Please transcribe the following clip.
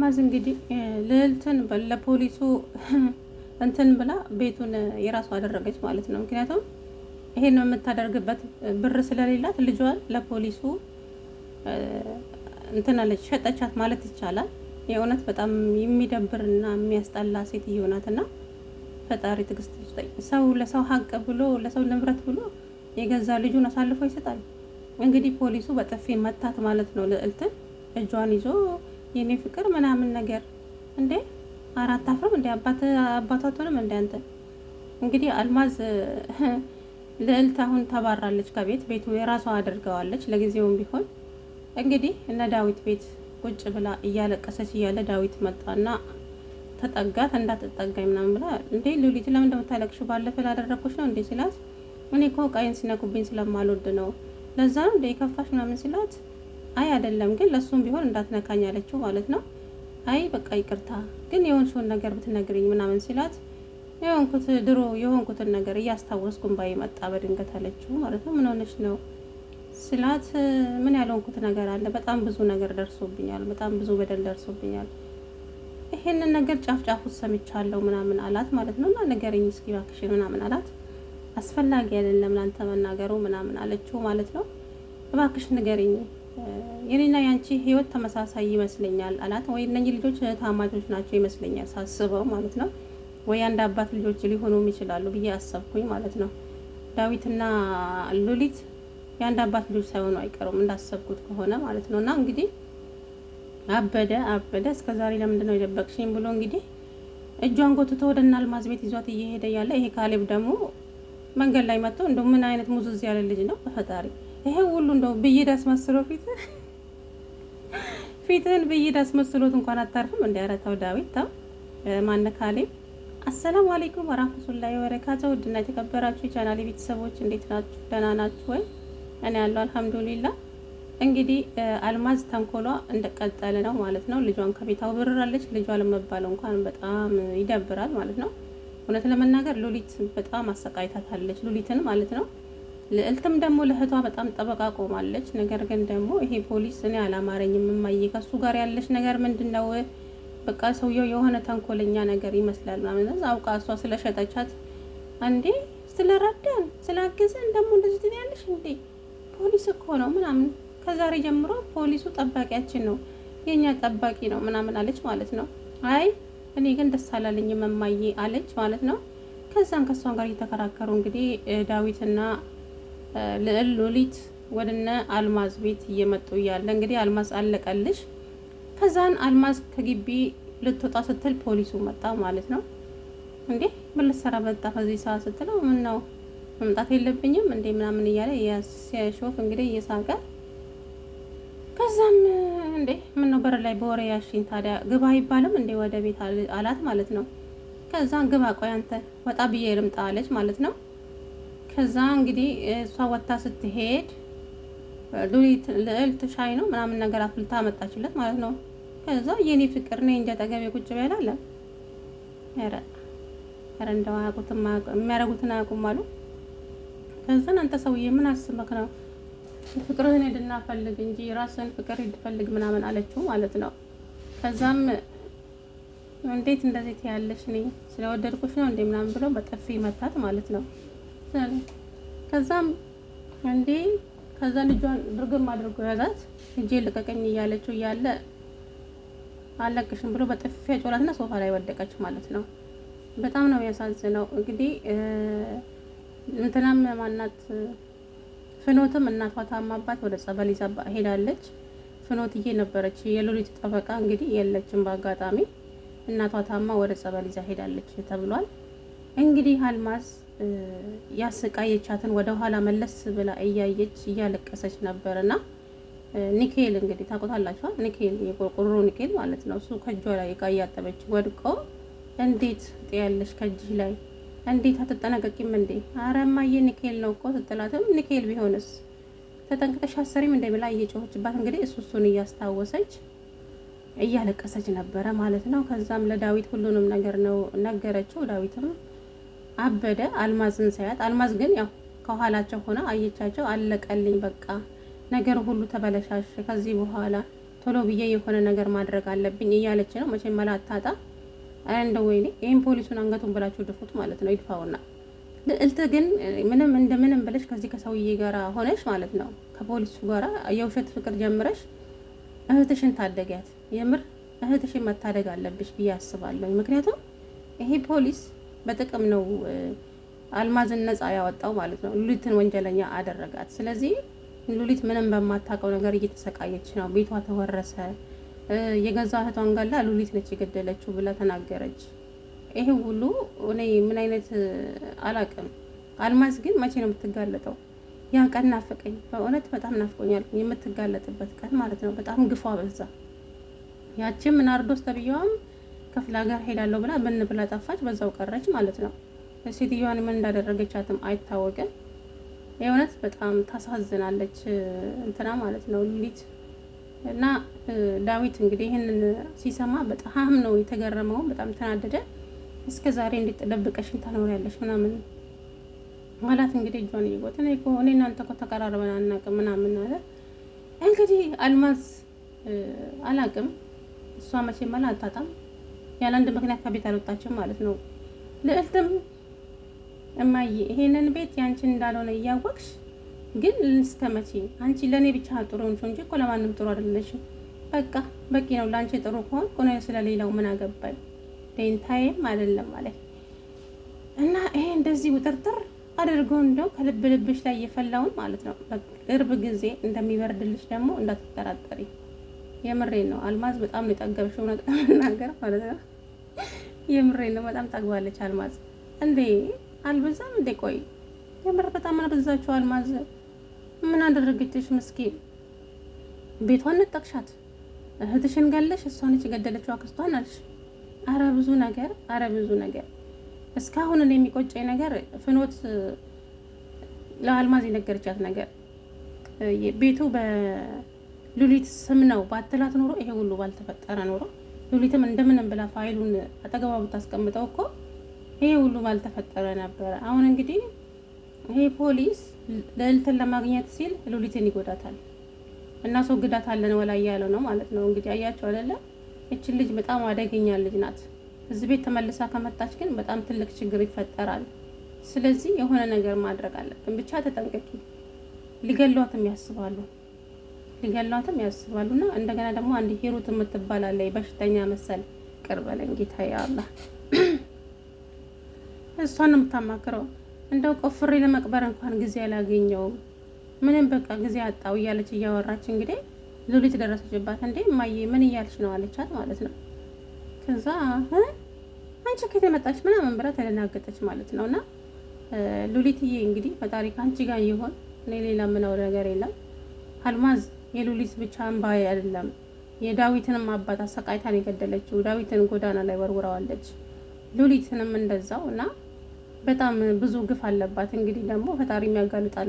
ማዝ እንግዲህ ልዕልትን ለፖሊሱ እንትን ብላ ቤቱን የራሱ አደረገች ማለት ነው። ምክንያቱም ይሄን የምታደርግበት ብር ስለሌላት ልጇን ለፖሊሱ እንትን ሸጠቻት ማለት ይቻላል። የእውነት በጣም የሚደብርና የሚያስጠላ ሴትዮ ናት። ፈጣሪ ትግስት ይስጠኝ። ሰው ለሰው ሀቅ ብሎ ለሰው ንብረት ብሎ የገዛ ልጁን አሳልፎ ይሰጣል። እንግዲህ ፖሊሱ በጥፊ መታት ማለት ነው። ልዕልትን እጇን ይዞ የኔ ፍቅር ምናምን ነገር እንዴ አራት አፍርም እንዴ አባት አባታቱንም እንዴ አንተ እንግዲህ አልማዝ ልዕልት አሁን ተባራለች ከቤት ቤቱ የራሷ አድርገዋለች። ለጊዜውም ቢሆን እንግዲህ እነ ዳዊት ቤት ቁጭ ብላ እያለቀሰች እያለ ዳዊት መጣና ተጠጋት። እንዳትጠጋኝ ምናምን ብላ እንዴ ሉሊት ለምን እንደምታለቅሽ ባለፈ ላደረግኩሽ ነው እንዴ ሲላት እኔ እኮ እቃዬን ሲነኩብኝ ስለማልወድ ነው ለዛ ነው እንደ የከፋሽ ምናምን ሲላት አይ አይደለም ግን ለሱም ቢሆን እንዳትነካኝ አለችው ማለት ነው። አይ በቃ ይቅርታ ግን የሆንሽውን ነገር ብትነግርኝ ምናምን ሲላት የሆንኩት ድሮ የሆንኩትን ነገር እያስታወስኩም ባይ መጣ በድንገት አለችው ማለት ነው። ምን ሆነች ነው ስላት ምን ያልሆንኩት ነገር አለ። በጣም ብዙ ነገር ደርሶብኛል፣ በጣም ብዙ በደል ደርሶብኛል። ይሄንን ነገር ጫፍ ጫፍ ውስጥ ሰምቻለሁ ምናምን አላት ማለት ነው። እና ንገረኝ እስኪ እባክሽ ምናምን አላት። አስፈላጊ አይደለም ላንተ መናገሩ ምናምን አለችው ማለት ነው። እባክሽ ንገረኝ የኔና ያንቺ ህይወት ተመሳሳይ ይመስለኛል አላት። ወይ እነኚህ ልጆች ታማቾች ናቸው ይመስለኛል ሳስበው ማለት ነው። ወይ አንድ አባት ልጆች ሊሆኑም ይችላሉ ብዬ አሰብኩኝ ማለት ነው። ዳዊትና ሉሊት የአንድ አባት ልጆች ሳይሆኑ አይቀሩም እንዳሰብኩት ከሆነ ማለት ነው። እና እንግዲህ አበደ አበደ እስከ ዛሬ ለምንድን ነው የደበቅሽኝ ብሎ እንግዲህ እጇን ጎትቶ ወደ እነ አልማዝ ቤት ይዟት እየሄደ ያለ ይሄ ካሌብ ደግሞ መንገድ ላይ መጥቶ እንደ ምን አይነት ሙዙዝ ያለ ልጅ ነው በፈጣሪ ይሄ ሁሉ እንደው ብይድ አስመስሎ ፊት ፊትህን ብይድ አስመስሎት እንኳን አታርፍም። እንደ ያረታው ዳዊት ታው ማነካሌ አሰላሙ አለይኩም ወራህመቱላሂ ወበረካቱ። ውድና የተከበራችሁ የቻናሌ ቤተሰቦች እንዴት ናችሁ? ደህና ናችሁ ወይ? እኔ ያለው አልሐምዱሊላ። እንግዲህ አልማዝ ተንኮሏ እንደቀጠለ ነው ማለት ነው። ልጇን ከቤት አውብራለች። ልጇ ለመባለው እንኳን በጣም ይደብራል ማለት ነው። እውነት ለመናገር ሉሊት በጣም አሰቃይታታለች። ሉሊትን ማለት ነው ልዕልትም ደግሞ ለእህቷ በጣም ጠበቃ ቆማለች። ነገር ግን ደግሞ ይሄ ፖሊስ እኔ አላማረኝም፣ እማዬ ከሱ ጋር ያለች ነገር ምንድን ነው? በቃ ሰውየው የሆነ ተንኮለኛ ነገር ይመስላል ነው። አውቃ እሷ ስለሸጠቻት አንዴ ስለረዳን ስላገዘን ደግሞ እንደዚህ ትያለሽ እንዴ? ፖሊስ እኮ ነው ምናምን፣ ከዛሬ ጀምሮ ፖሊሱ ጠባቂያችን ነው የእኛ ጠባቂ ነው ምናምን አለች ማለት ነው። አይ እኔ ግን ደስ አላለኝም እማዬ አለች ማለት ነው። ከዛን ከእሷን ጋር እየተከራከሩ እንግዲህ ዳዊትና ልዕል ሎሊት ወደነ አልማዝ ቤት እየመጡ እያለ እንግዲህ አልማዝ አለቀልሽ። ከዛን አልማዝ ከግቢ ልትወጣ ስትል ፖሊሱ መጣ ማለት ነው። እንዴ ምን ልትሰራ መጣ ከዚህ ሰዓት ስትለው፣ ምን ነው መምጣት የለብኝም እንዴ ምናምን እያለ ሲያሾፍ እንግዲህ እየሳቀ ከዛም እንዴ ምን ነው በር ላይ በወሬ ያሽኝ ታዲያ ግባ አይባልም እንዴ ወደ ቤት አላት ማለት ነው። ከዛን ግባ ቆይ አንተ ወጣ ብዬ ልምጣ አለች ማለት ነው። ከዛ እንግዲህ እሷ ወታ ስትሄድ ሉሊት ልዕልት ሻይ ነው ምናምን ነገር አፍልታ መጣችለት ማለት ነው። ከዛ የኔ ፍቅር ነኝ እንጂ አጠገቤ ቁጭ በል አለ። ኧረ ኧረ እንደው አያውቁትም የሚያደርጉትን አያውቁም አሉ። ከዛ አንተ ሰውዬ ምን አስበክ ነው ፍቅርህን ሂድና ፈልግ እንጂ ራስን ፍቅር እንድፈልግ ምናምን አለችው ማለት ነው። ከዛም እንዴት እንደዚህ ትያለሽ? እኔ ስለወደድኩሽ ነው እንዴ ምናምን ብሎ በጥፊ መታት ማለት ነው። ያለ ከዛም እንዴ ከዛ ልጇን ድርግም አድርጎ ያዛት። ልጄ ልቀቀኝ እያለችው እያለ አለቅሽም ብሎ በጥፊያ ጮላትና ሶፋ ላይ ወደቀች ማለት ነው። በጣም ነው የሚያሳዝነው። እንግዲህ እንትናም ማናት ፍኖትም እናቷ ታማባት ወደ ጸበል ይዛባ ሄዳለች። ፍኖትዬ ነበረች የሉሊት ጠበቃ እንግዲህ የለችም። በአጋጣሚ እናቷ ታማ ወደ ጸበል ይዛ ሄዳለች ተብሏል። እንግዲህ አልማዝ ያሰቃየቻትን ወደ ኋላ መለስ ብላ እያየች እያለቀሰች ነበርና ኒኬል እንግዲህ ታቆታላችኋ። ኒኬል የቆርቆሮ ኒኬል ማለት ነው። እሱ ከእጇ ላይ እቃ እያጠበች ወድቆ እንዴት ጥያለሽ ከእጅህ ላይ እንዴት አትጠነቀቂም እንዴ? አረ እማዬ ኒኬል ነው እኮ ስትላትም ኒኬል ቢሆንስ ተጠንቅቀሽ አሰሪም ብላ እየጮኸችባት እንግዲህ እሱ እሱን እያስታወሰች እያለቀሰች ነበረ ማለት ነው። ከዛም ለዳዊት ሁሉንም ነገር ነው ነገረችው። ዳዊትም አበደ አልማዝን ሳያት፣ አልማዝ ግን ያው ከኋላቸው ሆና አየቻቸው። አለቀልኝ በቃ ነገር ሁሉ ተበለሻሸ። ከዚህ በኋላ ቶሎ ብዬ የሆነ ነገር ማድረግ አለብኝ እያለች ነው። መቼም መላ አታጣ። እንደ ወይኔ ይህም ፖሊሱን አንገቱን ብላችሁ ድፉት ማለት ነው። ይድፋውና ልዕልት ግን ምንም እንደምንም ብለሽ ከዚህ ከሰውዬ ጋራ ሆነሽ ማለት ነው ከፖሊሱ ጋራ የውሸት ፍቅር ጀምረሽ እህትሽን ታደጊያት። የምር እህትሽን መታደግ አለብሽ ብዬ አስባለሁ። ምክንያቱም ይሄ ፖሊስ በጥቅም ነው አልማዝን ነፃ ያወጣው ማለት ነው። ሉሊትን ወንጀለኛ አደረጋት። ስለዚህ ሉሊት ምንም በማታውቀው ነገር እየተሰቃየች ነው። ቤቷ ተወረሰ፣ የገዛ እህቷን ገላ ሉሊት ነች የገደለችው ብላ ተናገረች። ይህ ሁሉ እኔ ምን አይነት አላውቅም። አልማዝ ግን መቼ ነው የምትጋለጠው? ያ ቀን ናፈቀኝ፣ በእውነት በጣም ናፍቆኛል። የምትጋለጥበት ቀን ማለት ነው። በጣም ግፏ በዛ። ያችም ናርዶስ ተብዬዋም ክፍለ ሀገር ሄዳለሁ ብላ ምን ብላ ጠፋች፣ በዛው ቀረች ማለት ነው። ሴትዮዋን ምን እንዳደረገቻትም አይታወቅም። የእውነት በጣም ታሳዝናለች እንትና ማለት ነው ሉሊት። እና ዳዊት እንግዲህ ይህንን ሲሰማ በጣም ነው የተገረመው፣ በጣም ተናደደ። እስከ ዛሬ እንዴት ተደብቀሽን ታኖሪያለሽ ምናምን ማለት እንግዲህ እጇን እየጎተ እኔ እኮ እኔ እናንተ እኮ ተቀራርበን አናውቅም ምናምን አለ። እንግዲህ አልማዝ አላውቅም እሷ መላ አታጣም ያለ አንድ ምክንያት ከቤት አልወጣችም ማለት ነው። ልዕልትም እማዬ ይሄንን ቤት ያንቺን እንዳልሆነ እያወቅሽ ግን ልንስተመቼ አንቺ ለእኔ ብቻ ጥሩ ሆንሽ እንጂ እኮ ለማንም ጥሩ አይደለሽም። በቃ በቂ ነው። ለአንቺ ጥሩ ከሆን ሆነ ስለሌላው ምን አገባኝ ዴንታይም አይደለም ማለት እና ይሄ እንደዚህ ውጥርጥር አድርጎ እንደው ከልብ ልብሽ ላይ እየፈላውን ማለት ነው። በቅርብ ጊዜ እንደሚበርድልሽ ደግሞ እንዳትጠራጠሪ። የምሬን ነው። አልማዝ በጣም ነው የጠገብሽው፣ እውነት ለመናገር ማለት ነው። የምሬን ነው። በጣም ጠግባለች አልማዝ። እንዴ አልበዛም እንዴ? ቆይ የምር በጣም አልበዛችሁ አልማዝ። ምን አደረገችሽ ምስኪን? ቤቷን ነጠቅሻት፣ እህትሽን ገለሽ፣ እሷ ነች ገደለችው አክስቷን አልሽ። አረ ብዙ ነገር፣ አረ ብዙ ነገር። እስካሁን እኔ የሚቆጨኝ ነገር ፍኖት ለአልማዝ የነገረቻት ነገር ቤቱ በ ሉሊት ስም ነው ባትላት ኖሮ ይሄ ሁሉ ባልተፈጠረ ኖሮ ሉሊትም እንደምንም ብላ ፋይሉን አጠገባ ብታስቀምጠው እኮ ይሄ ሁሉ ባልተፈጠረ ነበረ። አሁን እንግዲህ ይሄ ፖሊስ ልዕልትን ለማግኘት ሲል ሉሊትን ይጎዳታል እና ሰው ግዳት አለን ወላ እያለው ነው ማለት ነው። እንግዲህ አያቸው አይደለ? ይችን ልጅ በጣም አደገኛ ልጅ ናት። እዚህ ቤት ተመልሳ ከመጣች ግን በጣም ትልቅ ችግር ይፈጠራል። ስለዚህ የሆነ ነገር ማድረግ አለብን። ብቻ ተጠንቀቂ፣ ሊገሏትም ያስባሉ። ሊገሏትም ያስባሉና እንደገና ደግሞ አንድ ሂሩት የምትባላለይ በሽተኛ መሰል ቅርብ በለኝ ጌታ ያላ እሷን የምታማክረው እንደው ቆፍሬ ለመቅበር እንኳን ጊዜ አላገኘውም፣ ምንም በቃ ጊዜ አጣው እያለች እያወራች እንግዲህ ሉሊት ደረሰችባት። እንዴ እማዬ ምን እያለች ነው አለቻት ማለት ነው። ከዛ አንቺ ከየት መጣች ምናምን ብላ ተደናገጠች ማለት ነው። እና ሉሊትዬ እንግዲህ ፈጣሪ ከአንቺ ጋር ይሆን እኔ ሌላ ምናው ነገር የለም አልማዝ የሉሊት ብቻ እንባ አይደለም፣ የዳዊትንም አባት አሰቃይታን የገደለችው ዳዊትን ጎዳና ላይ ወርውራዋለች። ሉሊትንም እንደዛው እና በጣም ብዙ ግፍ አለባት። እንግዲህ ደግሞ ፈጣሪ የሚያጋልጣል።